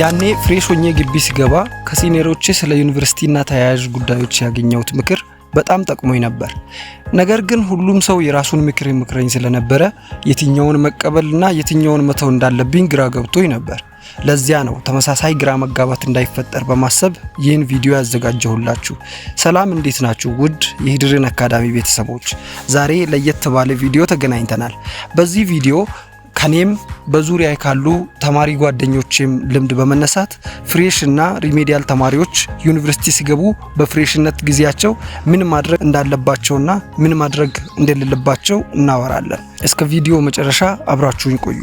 ያኔ ፍሬሽ ሆኜ ግቢ ሲገባ ከሲኒየሮቼ ስለ ዩኒቨርሲቲና ተያያዥ ጉዳዮች ያገኘሁት ምክር በጣም ጠቅሞኝ ነበር። ነገር ግን ሁሉም ሰው የራሱን ምክር ምክረኝ ስለነበረ የትኛውን መቀበልና የትኛውን መተው እንዳለብኝ ግራ ገብቶኝ ነበር። ለዚያ ነው ተመሳሳይ ግራ መጋባት እንዳይፈጠር በማሰብ ይህን ቪዲዮ ያዘጋጀሁላችሁ። ሰላም፣ እንዴት ናችሁ? ውድ የሂድርን አካዳሚ ቤተሰቦች ዛሬ ለየት ባለ ቪዲዮ ተገናኝተናል። በዚህ ቪዲዮ ከኔም በዙሪያ ካሉ ተማሪ ጓደኞቼም ልምድ በመነሳት ፍሬሽ እና ሪሜዲያል ተማሪዎች ዩኒቨርሲቲ ሲገቡ በፍሬሽነት ጊዜያቸው ምን ማድረግ እንዳለባቸውና ምን ማድረግ እንደሌለባቸው እናወራለን። እስከ ቪዲዮ መጨረሻ አብራችሁን ቆዩ።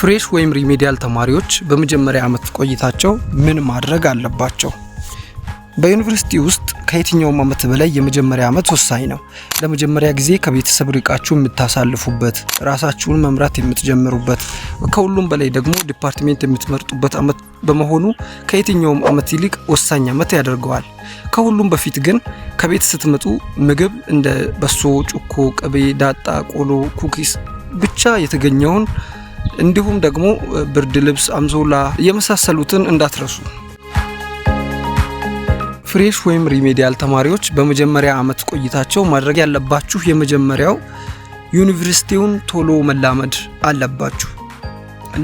ፍሬሽ ወይም ሪሜዲያል ተማሪዎች በመጀመሪያ ዓመት ቆይታቸው ምን ማድረግ አለባቸው? በዩኒቨርሲቲ ውስጥ ከየትኛውም ዓመት በላይ የመጀመሪያ ዓመት ወሳኝ ነው። ለመጀመሪያ ጊዜ ከቤተሰብ ርቃችሁ የምታሳልፉበት፣ ራሳችሁን መምራት የምትጀምሩበት፣ ከሁሉም በላይ ደግሞ ዲፓርትሜንት የምትመርጡበት ዓመት በመሆኑ ከየትኛውም ዓመት ይልቅ ወሳኝ ዓመት ያደርገዋል። ከሁሉም በፊት ግን ከቤት ስትመጡ ምግብ እንደ በሶ፣ ጩኮ፣ ቅቤ፣ ዳጣ፣ ቆሎ፣ ኩኪስ ብቻ የተገኘውን እንዲሁም ደግሞ ብርድ ልብስ፣ አምዞላ የመሳሰሉትን እንዳትረሱ። ፍሬሽ ወይም ሪሜዲያል ተማሪዎች በመጀመሪያ ዓመት ቆይታቸው ማድረግ ያለባችሁ የመጀመሪያው ዩኒቨርሲቲውን ቶሎ መላመድ አለባችሁ።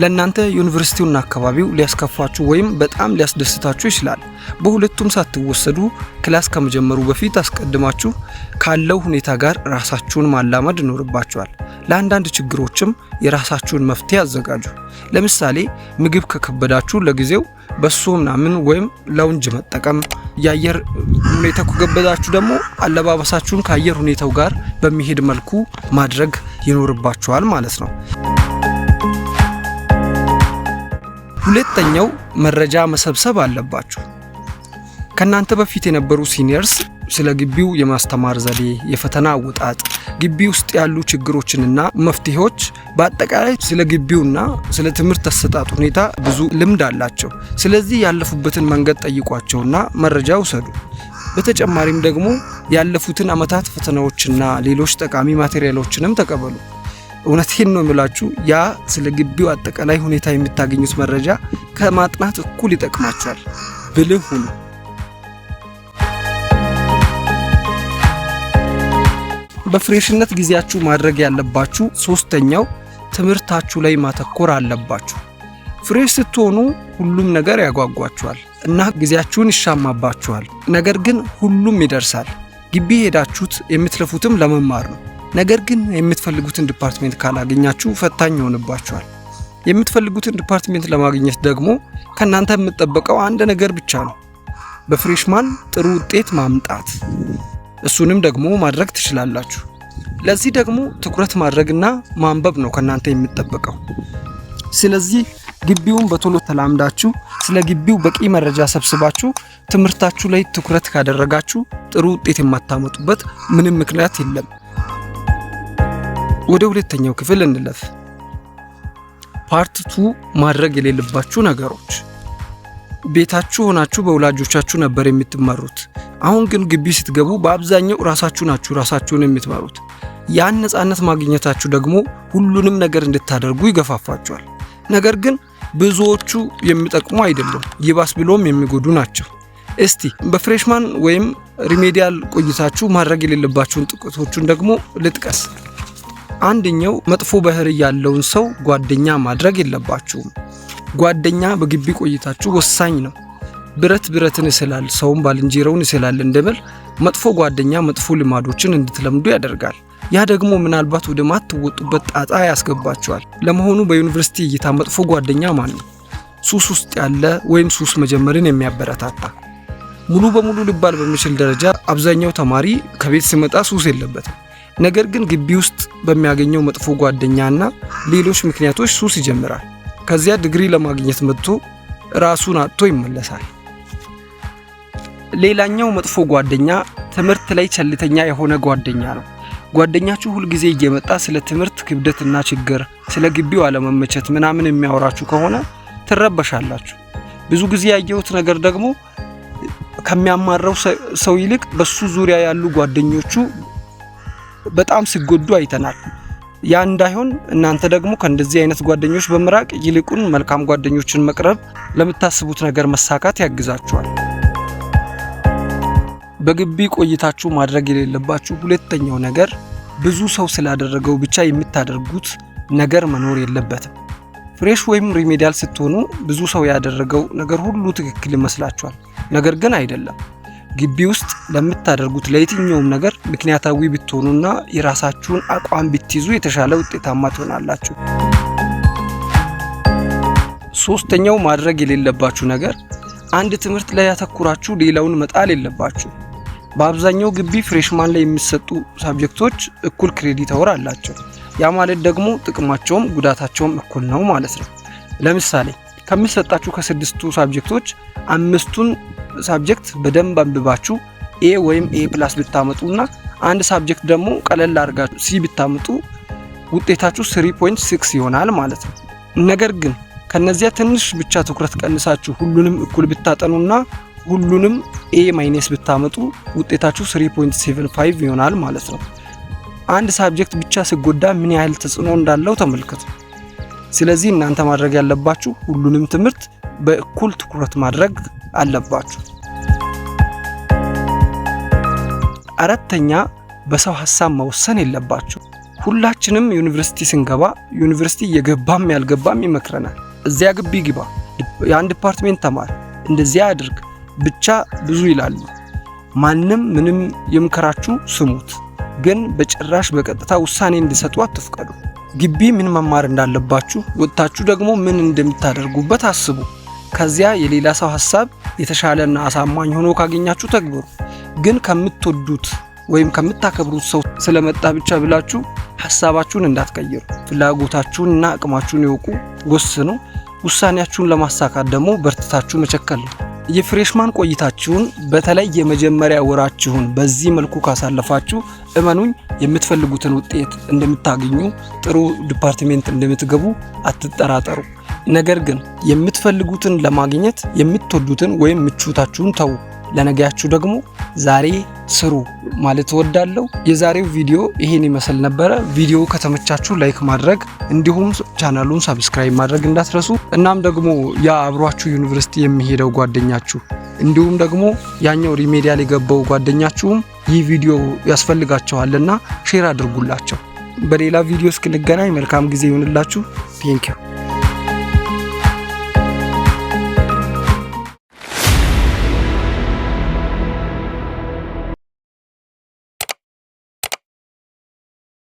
ለእናንተ ዩኒቨርሲቲውና አካባቢው ሊያስከፋችሁ ወይም በጣም ሊያስደስታችሁ ይችላል። በሁለቱም ሳትወሰዱ ክላስ ከመጀመሩ በፊት አስቀድማችሁ ካለው ሁኔታ ጋር ራሳችሁን ማላመድ ይኖርባችኋል። ለአንዳንድ ችግሮችም የራሳችሁን መፍትሄ አዘጋጁ። ለምሳሌ ምግብ ከከበዳችሁ ለጊዜው በሶ ምናምን ወይም ለውንጅ መጠቀም፣ የአየር ሁኔታ ከከበዳችሁ ደግሞ አለባበሳችሁን ከአየር ሁኔታው ጋር በሚሄድ መልኩ ማድረግ ይኖርባችኋል ማለት ነው። ሁለተኛው መረጃ መሰብሰብ አለባችሁ። ከእናንተ በፊት የነበሩ ሲኒየርስ ስለ ግቢው የማስተማር ዘዴ፣ የፈተና አወጣጥ፣ ግቢ ውስጥ ያሉ ችግሮችንና መፍትሄዎች፣ በአጠቃላይ ስለ ግቢውና ስለ ትምህርት አሰጣጥ ሁኔታ ብዙ ልምድ አላቸው። ስለዚህ ያለፉበትን መንገድ ጠይቋቸውና መረጃ ውሰዱ። በተጨማሪም ደግሞ ያለፉትን ዓመታት ፈተናዎችና ሌሎች ጠቃሚ ማቴሪያሎችንም ተቀበሉ። እውነቴን ነው የምላችሁ፣ ያ ስለ ግቢው አጠቃላይ ሁኔታ የምታገኙት መረጃ ከማጥናት እኩል ይጠቅማቸዋል ብልህ ሁኑ። በፍሬሽነት ጊዜያችሁ ማድረግ ያለባችሁ ሶስተኛው ትምህርታችሁ ላይ ማተኮር አለባችሁ። ፍሬሽ ስትሆኑ ሁሉም ነገር ያጓጓችኋል እና ጊዜያችሁን ይሻማባችኋል። ነገር ግን ሁሉም ይደርሳል። ግቢ ሄዳችሁት የምትለፉትም ለመማር ነው። ነገር ግን የምትፈልጉትን ዲፓርትሜንት ካላገኛችሁ ፈታኝ ይሆንባችኋል። የምትፈልጉትን ዲፓርትሜንት ለማግኘት ደግሞ ከእናንተ የምትጠበቀው አንድ ነገር ብቻ ነው፣ በፍሬሽማን ጥሩ ውጤት ማምጣት። እሱንም ደግሞ ማድረግ ትችላላችሁ። ለዚህ ደግሞ ትኩረት ማድረግና ማንበብ ነው ከእናንተ የሚጠበቀው። ስለዚህ ግቢውን በቶሎ ተላምዳችሁ ስለ ግቢው በቂ መረጃ ሰብስባችሁ ትምህርታችሁ ላይ ትኩረት ካደረጋችሁ ጥሩ ውጤት የማታመጡበት ምንም ምክንያት የለም። ወደ ሁለተኛው ክፍል እንለፍ። ፓርት ቱ ማድረግ የሌለባችሁ ነገሮች ቤታችሁ ሆናችሁ በወላጆቻችሁ ነበር የምትመሩት። አሁን ግን ግቢ ስትገቡ በአብዛኛው ራሳችሁ ናችሁ ራሳችሁን የምትመሩት። ያን ነፃነት ማግኘታችሁ ደግሞ ሁሉንም ነገር እንድታደርጉ ይገፋፋችኋል። ነገር ግን ብዙዎቹ የሚጠቅሙ አይደሉም፣ ይባስ ብሎም የሚጎዱ ናቸው። እስቲ በፍሬሽማን ወይም ሪሜዲያል ቆይታችሁ ማድረግ የሌለባችሁን ጥቅቶቹን ደግሞ ልጥቀስ። አንደኛው መጥፎ ባህሪ ያለውን ሰው ጓደኛ ማድረግ የለባችሁም። ጓደኛ በግቢ ቆይታችሁ ወሳኝ ነው። ብረት ብረትን ይስላል፣ ሰውም ባልንጀራውን ይስላል እንደምል መጥፎ ጓደኛ መጥፎ ልማዶችን እንድትለምዱ ያደርጋል። ያ ደግሞ ምናልባት ወደ ማትወጡበት ጣጣ ያስገባችኋል። ለመሆኑ በዩኒቨርሲቲ እይታ መጥፎ ጓደኛ ማን ነው? ሱስ ውስጥ ያለ ወይም ሱስ መጀመርን የሚያበረታታ ሙሉ በሙሉ ሊባል በሚችል ደረጃ አብዛኛው ተማሪ ከቤት ሲመጣ ሱስ የለበትም። ነገር ግን ግቢ ውስጥ በሚያገኘው መጥፎ ጓደኛና ሌሎች ምክንያቶች ሱስ ይጀምራል። ከዚያ ዲግሪ ለማግኘት መጥቶ ራሱን አጥቶ ይመለሳል። ሌላኛው መጥፎ ጓደኛ ትምህርት ላይ ቸልተኛ የሆነ ጓደኛ ነው። ጓደኛችሁ ሁልጊዜ እየመጣ ስለ ትምህርት ክብደትና ችግር፣ ስለ ግቢው አለመመቸት ምናምን የሚያወራችሁ ከሆነ ትረበሻላችሁ። ብዙ ጊዜ ያየሁት ነገር ደግሞ ከሚያማረው ሰው ይልቅ በሱ ዙሪያ ያሉ ጓደኞቹ በጣም ሲጎዱ አይተናል። ያ እንዳይሆን እናንተ ደግሞ ከእንደዚህ አይነት ጓደኞች በመራቅ ይልቁን መልካም ጓደኞችን መቅረብ ለምታስቡት ነገር መሳካት ያግዛችኋል። በግቢ ቆይታችሁ ማድረግ የሌለባችሁ ሁለተኛው ነገር ብዙ ሰው ስላደረገው ብቻ የምታደርጉት ነገር መኖር የለበትም። ፍሬሽ ወይም ሪሜዲያል ስትሆኑ ብዙ ሰው ያደረገው ነገር ሁሉ ትክክል ይመስላችኋል፣ ነገር ግን አይደለም። ግቢ ውስጥ ለምታደርጉት ለየትኛውም ነገር ምክንያታዊ ብትሆኑና የራሳችሁን አቋም ብትይዙ የተሻለ ውጤታማ ትሆናላችሁ። ሶስተኛው ማድረግ የሌለባችሁ ነገር አንድ ትምህርት ላይ ያተኩራችሁ ሌላውን መጣል የለባችሁ። በአብዛኛው ግቢ ፍሬሽማን ላይ የሚሰጡ ሳብጀክቶች እኩል ክሬዲት አወር አላቸው። ያ ማለት ደግሞ ጥቅማቸውም ጉዳታቸውም እኩል ነው ማለት ነው። ለምሳሌ ከሚሰጣችሁ ከስድስቱ ሳብጀክቶች አምስቱን ሳብጀክት በደንብ አንብባችሁ ኤ ወይም ኤ ፕላስ ብታመጡ እና አንድ ሳብጀክት ደግሞ ቀለል አድርጋችሁ ሲ ብታመጡ ውጤታችሁ 3.6 ይሆናል ማለት ነው። ነገር ግን ከነዚያ ትንሽ ብቻ ትኩረት ቀንሳችሁ ሁሉንም እኩል ብታጠኑና ሁሉንም ኤ ማይነስ ብታመጡ ውጤታችሁ 3.75 ይሆናል ማለት ነው። አንድ ሳብጀክት ብቻ ሲጎዳ ምን ያህል ተጽዕኖ እንዳለው ተመልከቱ። ስለዚህ እናንተ ማድረግ ያለባችሁ ሁሉንም ትምህርት በእኩል ትኩረት ማድረግ አለባችሁ። አራተኛ በሰው ሀሳብ መወሰን የለባችሁ። ሁላችንም ዩኒቨርሲቲ ስንገባ ዩኒቨርሲቲ የገባም ያልገባም ይመክረናል። እዚያ ግቢ ግባ፣ ያን ዲፓርትሜንት ተማር፣ እንደዚያ አድርግ ብቻ ብዙ ይላሉ። ማንም ምንም የምከራችሁ ስሙት፣ ግን በጭራሽ በቀጥታ ውሳኔ እንዲሰጡ አትፍቀዱ። ግቢ ምን መማር እንዳለባችሁ ወጥታችሁ ደግሞ ምን እንደምታደርጉበት አስቡ። ከዚያ የሌላ ሰው ሀሳብ የተሻለና አሳማኝ ሆኖ ካገኛችሁ ተግብሩ። ግን ከምትወዱት ወይም ከምታከብሩት ሰው ስለመጣ ብቻ ብላችሁ ሀሳባችሁን እንዳትቀይሩ። እና አቅማችሁን ይወቁ፣ ወስኑ። ውሳኔያችሁን ለማሳካት ደግሞ በርትታችሁ መቸከል ነው። የፍሬሽማን ቆይታችሁን በተለይ የመጀመሪያ ወራችሁን በዚህ መልኩ ካሳለፋችሁ እመኑኝ የምትፈልጉትን ውጤት እንደምታገኙ፣ ጥሩ ዲፓርትሜንት እንደምትገቡ አትጠራጠሩ። ነገር ግን የምትፈልጉትን ለማግኘት የምትወዱትን ወይም ምቾታችሁን ተዉ፣ ለነገያችሁ ደግሞ ዛሬ ስሩ ማለት እወዳለሁ። የዛሬው ቪዲዮ ይሄን ይመስል ነበረ። ቪዲዮ ከተመቻችሁ ላይክ ማድረግ እንዲሁም ቻናሉን ሰብስክራይብ ማድረግ እንዳትረሱ። እናም ደግሞ ያ አብሯችሁ ዩኒቨርሲቲ የሚሄደው ጓደኛችሁ እንዲሁም ደግሞ ያኛው ሪሜዲያል የገባው ጓደኛችሁም ይህ ቪዲዮ ያስፈልጋቸዋልና ሼር አድርጉላቸው። በሌላ ቪዲዮ እስክንገናኝ መልካም ጊዜ ይሁንላችሁ። ቴንኪው